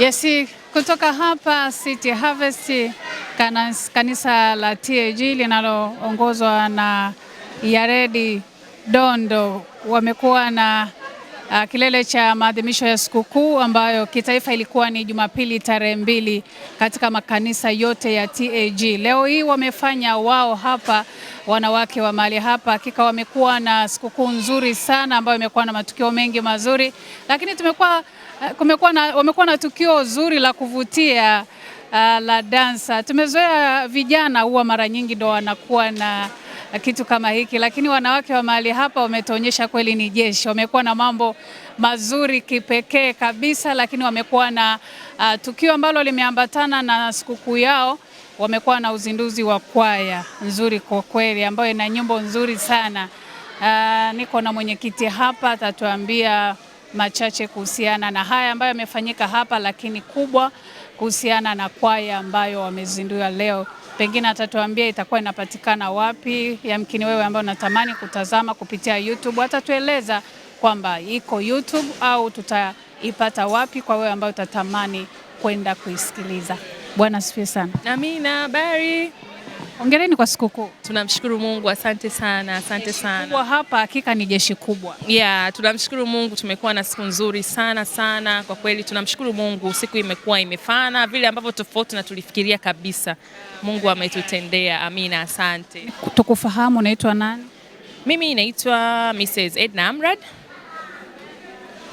Yesi, kutoka hapa City Harvest kanas, kanisa la TAG linaloongozwa na Yaredi Dondo wamekuwa na uh, kilele cha maadhimisho ya sikukuu ambayo kitaifa ilikuwa ni Jumapili tarehe mbili katika makanisa yote ya TAG. Leo hii wamefanya wao hapa, wanawake wa mali hapa, hakika wamekuwa na sikukuu nzuri sana ambayo imekuwa na matukio mengi mazuri, lakini tumekuwa eh, kumekuwa na, wamekuwa na tukio zuri la kuvutia uh, la dansa. Tumezoea vijana huwa mara nyingi ndo wanakuwa na kitu kama hiki, lakini wanawake wa mahali hapa wametuonyesha kweli ni jeshi. Wamekuwa na mambo mazuri kipekee kabisa, lakini wamekuwa na uh, tukio ambalo limeambatana na sikukuu yao wamekuwa na uzinduzi wa kwaya nzuri kwa kweli, ambayo ina nyimbo nzuri sana. Uh, niko na mwenyekiti hapa atatuambia machache kuhusiana na haya ambayo yamefanyika hapa, lakini kubwa kuhusiana na kwaya ambayo wamezindua leo pengine atatuambia itakuwa inapatikana wapi. Yamkini wewe ambao unatamani kutazama kupitia YouTube atatueleza kwamba iko YouTube au tutaipata wapi, kwa wewe ambayo utatamani kwenda kuisikiliza. Bwana asifiwe sana. Amina, habari Hongereni kwa sikukuu. Tunamshukuru Mungu, asante sana, asante sana. Kubwa hapa hakika ni jeshi kubwa ya yeah. Tunamshukuru Mungu, tumekuwa na siku nzuri sana sana kwa kweli, tunamshukuru Mungu. Siku imekuwa imefana vile ambavyo tofauti na tulifikiria kabisa. Mungu ametutendea, amina, asante. Tukufahamu, unaitwa nani? Mimi naitwa Mrs. Edna Amrad,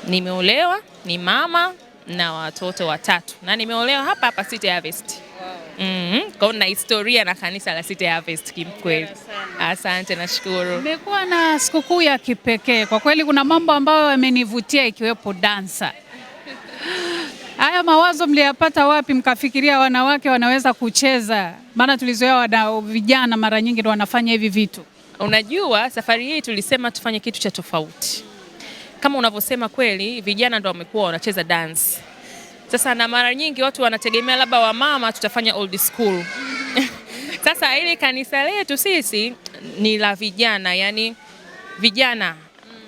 nimeolewa, ni mama na watoto watatu, na nimeolewa hapa hapa City Harvest. Mm -hmm. Kwa na historia na kanisa la City Harvest kimkweli. Asante, nashukuru. Imekuwa na sikukuu ya kipekee kwa kweli, kuna mambo ambayo yamenivutia ikiwepo dansa. Haya mawazo mliyapata wapi mkafikiria wanawake wanaweza kucheza? Maana tulizoea wana vijana mara nyingi ndo wanafanya hivi vitu. Unajua, safari hii tulisema tufanye kitu cha tofauti. Kama unavyosema kweli, vijana ndo wamekuwa wanacheza dance sasa na mara nyingi watu wanategemea labda wamama tutafanya old school. Sasa ile kanisa letu sisi ni la vijana, yani vijana.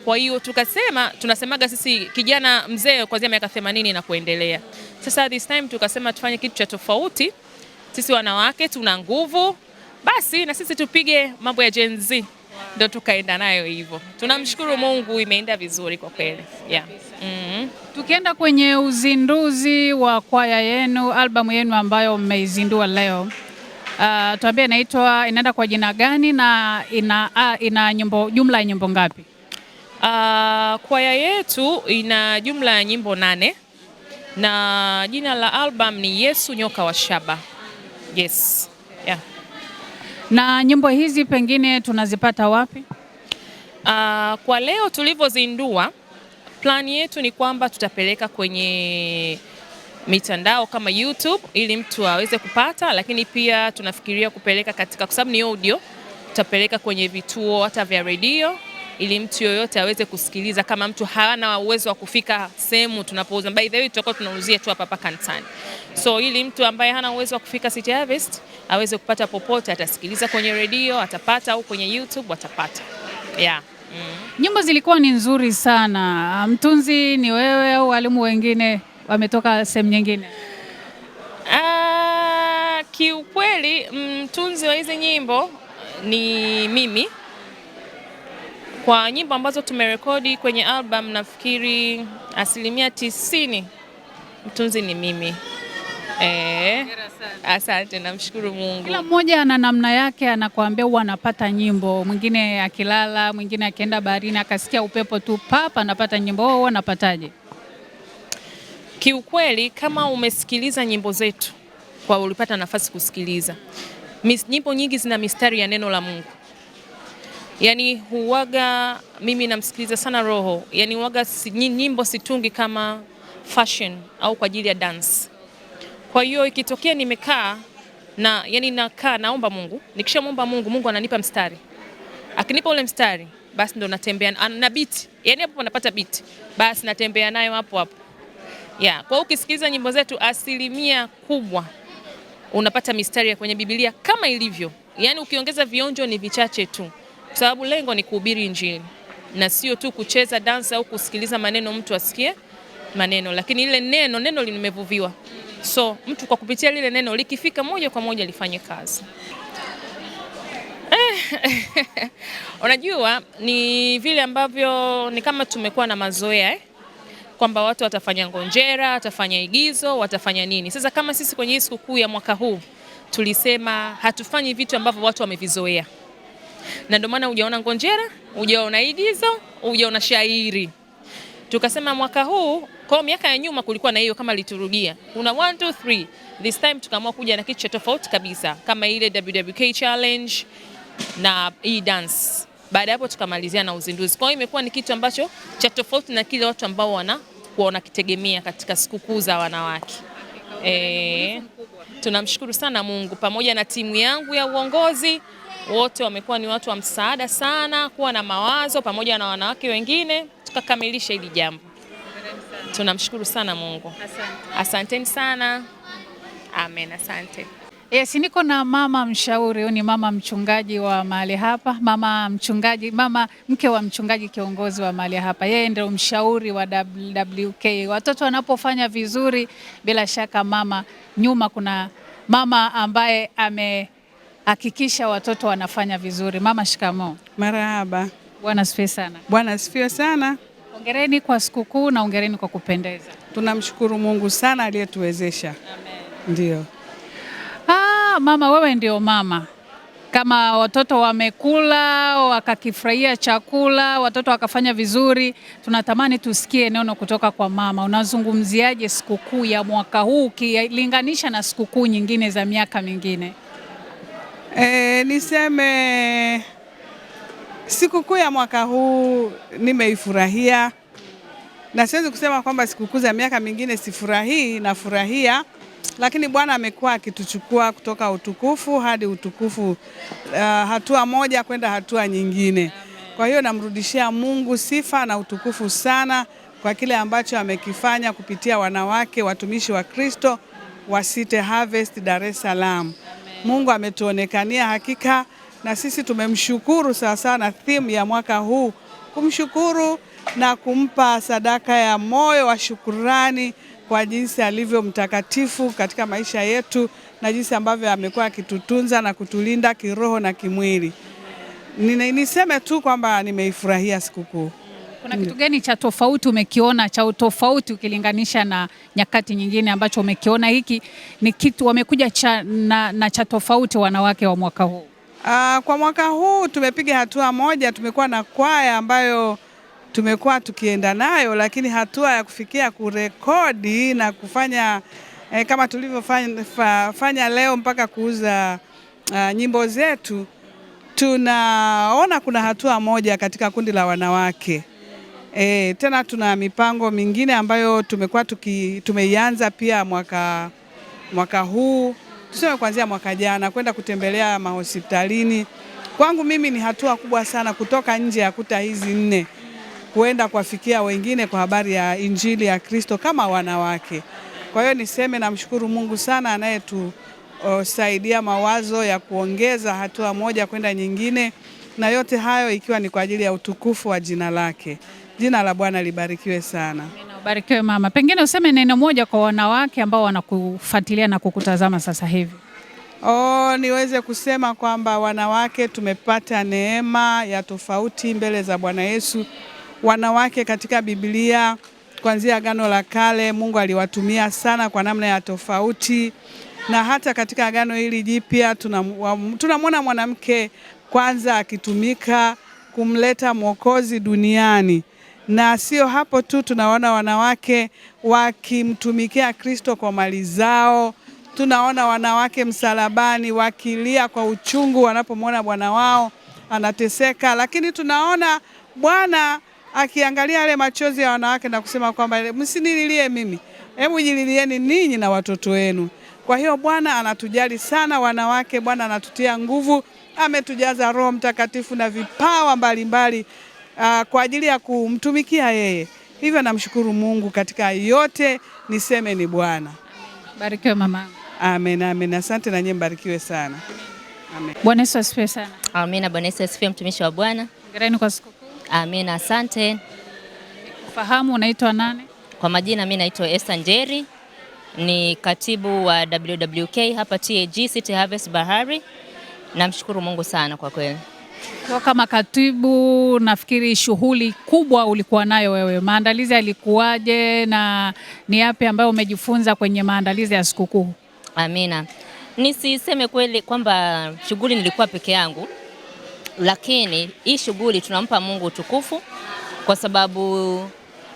Kwa hiyo tukasema, tunasemaga sisi kijana mzee kuanzia miaka 80 na kuendelea. Sasa this time tukasema tufanye kitu cha tofauti, sisi wanawake tuna nguvu, basi na sisi tupige mambo ya Gen Z. Ndio tukaenda nayo hivyo. Tunamshukuru Mungu, imeenda vizuri kwa kweli, yeah. Mm. Tukienda kwenye uzinduzi wa kwaya yenu, albamu yenu ambayo mmeizindua leo, uh, tuambie inaitwa inaenda kwa jina gani na ina, uh, ina nyimbo, jumla ya nyimbo ngapi? Uh, kwaya yetu ina jumla ya nyimbo nane na jina la album ni Yesu Nyoka wa Shaba. Yes. Yeah. Na nyimbo hizi pengine tunazipata wapi? Uh, kwa leo tulivyozindua Plani yetu ni kwamba tutapeleka kwenye mitandao kama YouTube ili mtu aweze kupata, lakini pia tunafikiria kupeleka katika, kwa sababu ni audio, tutapeleka kwenye vituo hata vya redio ili mtu yoyote aweze kusikiliza, kama mtu hana uwezo wa kufika sehemu tunapouza. By the way, tutakuwa tunauzia tu hapa hapa so ili mtu ambaye hana uwezo wa kufika City Harvest aweze kupata popote, atasikiliza kwenye redio atapata, au kwenye YouTube atapata, yeah mm. Nyimbo zilikuwa ni nzuri sana. Ah, mtunzi ni wewe au walimu wengine wametoka sehemu nyingine? Ah, kiukweli mm, mtunzi wa hizi nyimbo ni mimi. Kwa nyimbo ambazo tumerekodi kwenye album, nafikiri asilimia tisini mtunzi ni mimi. eh. Asante, namshukuru Mungu. Kila mmoja ana namna yake, anakuambia huwa anapata nyimbo, mwingine akilala, mwingine akienda baharini akasikia upepo tu papa anapata nyimbo. Wewe anapataje Kiukweli, kama umesikiliza nyimbo zetu kwa ulipata nafasi kusikiliza nyimbo nyingi, zina mistari ya neno la Mungu yaani huwaga mimi namsikiliza sana Roho, yaani huwaga nyimbo situngi kama fashion au kwa ajili ya dance kwa hiyo ikitokea nimekaa na yani nakaa naomba Mungu, nikishamwomba Mungu, Mungu ananipa mstari, akinipa ule mstari basi ndo natembea na beat, yani hapo napata beat, basi natembea nayo hapo hapo yeah. Kwa hiyo ukisikiliza nyimbo zetu asilimia kubwa unapata mistari ya kwenye Biblia kama ilivyo, yani ukiongeza vionjo ni vichache tu, kwa sababu lengo ni kuhubiri Injili na sio tu kucheza dansa au kusikiliza maneno mtu asikie maneno, lakini ile neno neno limevuviwa So mtu kwa kupitia lile neno likifika moja kwa moja lifanye kazi. Eh, unajua ni vile ambavyo ni kama tumekuwa na mazoea eh? kwamba watu watafanya ngonjera, watafanya igizo, watafanya nini. Sasa kama sisi kwenye hii sikukuu ya mwaka huu tulisema hatufanyi vitu ambavyo watu wamevizoea, na ndio maana hujaona ngonjera, hujaona igizo, hujaona shairi. Tukasema mwaka huu kwa hiyo miaka ya nyuma kulikuwa na hiyo kama liturudia kuna 1 2 3, this time tukaamua kuja na kitu cha tofauti kabisa kama ile WWK challenge na e dance. Baada hapo tukamalizia na uzinduzi. Kwa hiyo imekuwa ni kitu ambacho cha tofauti na kile watu ambao wana wanakitegemea katika sikukuu za wanawake. Eh, tunamshukuru sana Mungu pamoja na timu yangu ya uongozi wote wamekuwa ni watu wa msaada sana, kuwa na mawazo pamoja na wanawake wengine tukakamilisha hili jambo tunamshukuru sana Mungu. Asante. Asanteni sana. Amen, asante. Yes, niko na mama mshauri, huyu ni mama mchungaji wa mahali hapa, mama mchungaji, mama mke wa mchungaji kiongozi wa mahali hapa. Yeye ndio mshauri wa WWK. Watoto wanapofanya vizuri, bila shaka mama, nyuma kuna mama ambaye amehakikisha watoto wanafanya vizuri. Mama, shikamoo. Marahaba. Bwana asifiwe sana. Bwana asifiwe sana ongereni kwa sikukuu na ongereni kwa kupendeza. Tunamshukuru Mungu sana aliyetuwezesha. Amen. Ndio. Ah, mama wewe ndio mama kama watoto wamekula wakakifurahia chakula, watoto wakafanya vizuri, tunatamani tusikie neno kutoka kwa mama. Unazungumziaje sikukuu ya mwaka huu ukilinganisha na sikukuu nyingine za miaka mingine? E, niseme Sikukuu ya mwaka huu nimeifurahia, na siwezi kusema kwamba sikukuu za miaka mingine sifurahii, nafurahia, lakini Bwana amekuwa akituchukua kutoka utukufu hadi utukufu, uh, hatua moja kwenda hatua nyingine. Kwa hiyo namrudishia Mungu sifa na utukufu sana kwa kile ambacho amekifanya kupitia wanawake watumishi wa Kristo wa City Harvest Dar es Salaam. Mungu ametuonekania hakika na sisi tumemshukuru sana sana, theme ya mwaka huu kumshukuru na kumpa sadaka ya moyo wa shukurani kwa jinsi alivyo mtakatifu katika maisha yetu na jinsi ambavyo amekuwa akitutunza na kutulinda kiroho na kimwili. Niseme tu kwamba nimeifurahia sikukuu. Kuna kitu gani cha tofauti umekiona cha utofauti ukilinganisha na nyakati nyingine ambacho umekiona hiki ni kitu wamekuja cha, na, na cha tofauti wanawake wa mwaka huu? Uh, kwa mwaka huu tumepiga hatua moja, tumekuwa na kwaya ambayo tumekuwa tukienda nayo, lakini hatua ya kufikia kurekodi na kufanya eh, kama tulivyofanya leo mpaka kuuza uh, nyimbo zetu, tunaona kuna hatua moja katika kundi la wanawake E, tena tuna mipango mingine ambayo tumekuwa tumeianza pia mwaka, mwaka huu tuseme kuanzia mwaka jana kwenda kutembelea mahospitalini. Kwangu mimi ni hatua kubwa sana kutoka nje ya kuta hizi nne kuenda kuwafikia wengine kwa habari ya Injili ya Kristo kama wanawake. Kwa hiyo niseme namshukuru Mungu sana anayetusaidia mawazo ya kuongeza hatua moja kwenda nyingine, na yote hayo ikiwa ni kwa ajili ya utukufu wa jina lake. Jina la Bwana libarikiwe sana. Ubarikiwe mama, pengine useme neno moja kwa wanawake ambao wanakufuatilia na kukutazama sasa hivi. Oh, niweze kusema kwamba wanawake tumepata neema ya tofauti mbele za Bwana Yesu. Wanawake katika Biblia kuanzia Agano la Kale Mungu aliwatumia sana kwa namna ya tofauti, na hata katika Agano hili Jipya tunamwona mwanamke kwanza akitumika kumleta Mwokozi duniani na sio hapo tu, tunaona wanawake wakimtumikia Kristo kwa mali zao, tunaona wanawake msalabani wakilia kwa uchungu wanapomwona bwana wao anateseka, lakini tunaona Bwana akiangalia yale machozi ya wanawake na kusema kwamba msinililie mimi, hebu jililieni ninyi na watoto wenu. Kwa hiyo Bwana anatujali sana wanawake, Bwana anatutia nguvu, ametujaza Roho Mtakatifu na vipawa mbalimbali mbali uh, kwa ajili ya kumtumikia yeye. Hivyo namshukuru Mungu katika yote, niseme ni Bwana. Barikiwe mama. Amen, amen. Asante na nyinyi mbarikiwe sana. Amen. Bwana Yesu asifiwe sana. Amen. Bwana Yesu asifiwe mtumishi wa Bwana. Ngereni kwa sikukuu. Amen, asante. Fahamu unaitwa nani? Kwa majina mimi naitwa Esther Njeri ni katibu wa WWK hapa TAG City Harvest Bahari. Namshukuru Mungu sana kwa kweli. Kama katibu, nafikiri shughuli kubwa ulikuwa nayo wewe, maandalizi yalikuwaje na ni yapi ambayo umejifunza kwenye maandalizi ya sikukuu? Amina, nisiseme kweli kwamba shughuli nilikuwa peke yangu, lakini hii shughuli tunampa Mungu utukufu kwa sababu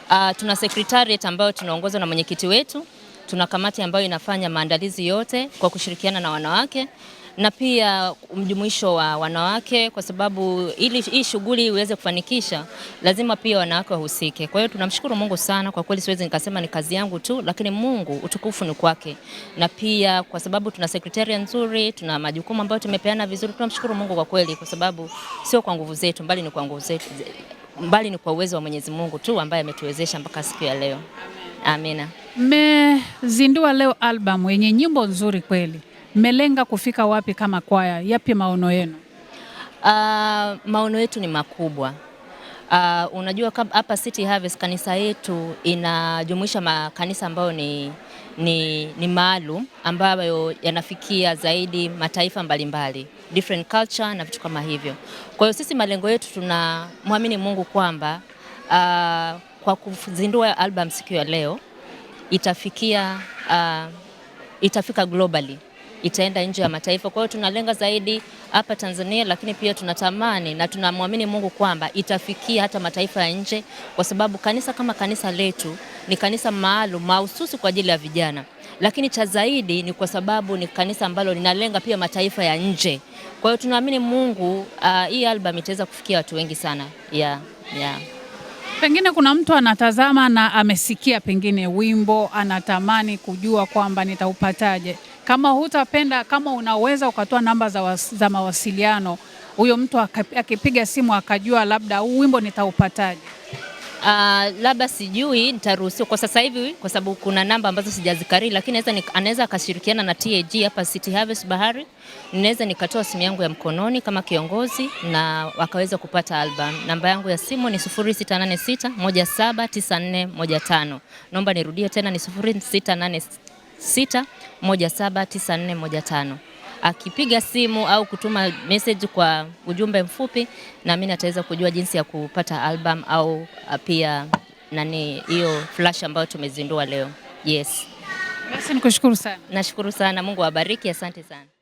uh, tuna secretariat ambayo tunaongozwa na mwenyekiti wetu, tuna kamati ambayo inafanya maandalizi yote kwa kushirikiana na wanawake na pia mjumuisho wa wanawake, kwa sababu ili hii shughuli iweze kufanikisha lazima pia wanawake wahusike. Kwa hiyo tunamshukuru Mungu sana kwa kweli, siwezi nikasema ni kazi yangu tu, lakini Mungu utukufu ni kwake, na pia kwa sababu tuna sekretaria nzuri, tuna majukumu ambayo tumepeana vizuri. Tunamshukuru Mungu kwa kweli, kwa sababu sio kwa nguvu zetu, mbali ni kwa nguvu zetu, mbali ni kwa uwezo wa Mwenyezi Mungu tu ambaye ametuwezesha mpaka siku ya leo. Amina. Mmezindua leo albamu yenye nyimbo nzuri kweli mmelenga kufika wapi kama kwaya? Yapi maono yenu? Uh, maono yetu ni makubwa. Uh, unajua hapa City Harvest kanisa yetu inajumuisha makanisa ambayo ni, ni, ni maalum ambayo yanafikia zaidi mataifa mbalimbali mbali, different culture na vitu kama hivyo. Kwa hiyo sisi malengo yetu tunamwamini Mungu kwamba uh, kwa kuzindua album siku ya leo itafikia uh, itafika globally itaenda nje ya mataifa. Kwa hiyo tunalenga zaidi hapa Tanzania, lakini pia tunatamani na tunamwamini Mungu kwamba itafikia hata mataifa ya nje, kwa sababu kanisa kama kanisa letu ni kanisa maalum mahususi kwa ajili ya vijana, lakini cha zaidi ni kwa sababu ni kanisa ambalo linalenga pia mataifa ya nje. Kwa hiyo tunaamini Mungu, uh, hii album itaweza kufikia watu wengi sana yeah, yeah. Pengine kuna mtu anatazama na amesikia pengine wimbo, anatamani kujua kwamba nitaupataje kama hutapenda, kama unaweza ukatoa namba za, was, za mawasiliano, huyo mtu akipiga simu akajua labda huu wimbo nitaupataje? Uh, labda sijui nitaruhusiwa kwa sasa hivi, kwa sababu kuna namba ambazo sijazikari, lakini anaweza akashirikiana na TAG hapa City Harvest Bahari. naweza nikatoa simu yangu ya mkononi kama kiongozi na wakaweza kupata album. Namba yangu ya simu ni 0686179415. Naomba nirudie tena ni 0686 06179415. Akipiga simu au kutuma message kwa ujumbe mfupi, na mimi nataweza kujua jinsi ya kupata album au pia nani hiyo flash ambayo tumezindua leo. Yes. Basi nikushukuru sana. Nashukuru sana. Mungu awabariki. Asante sana.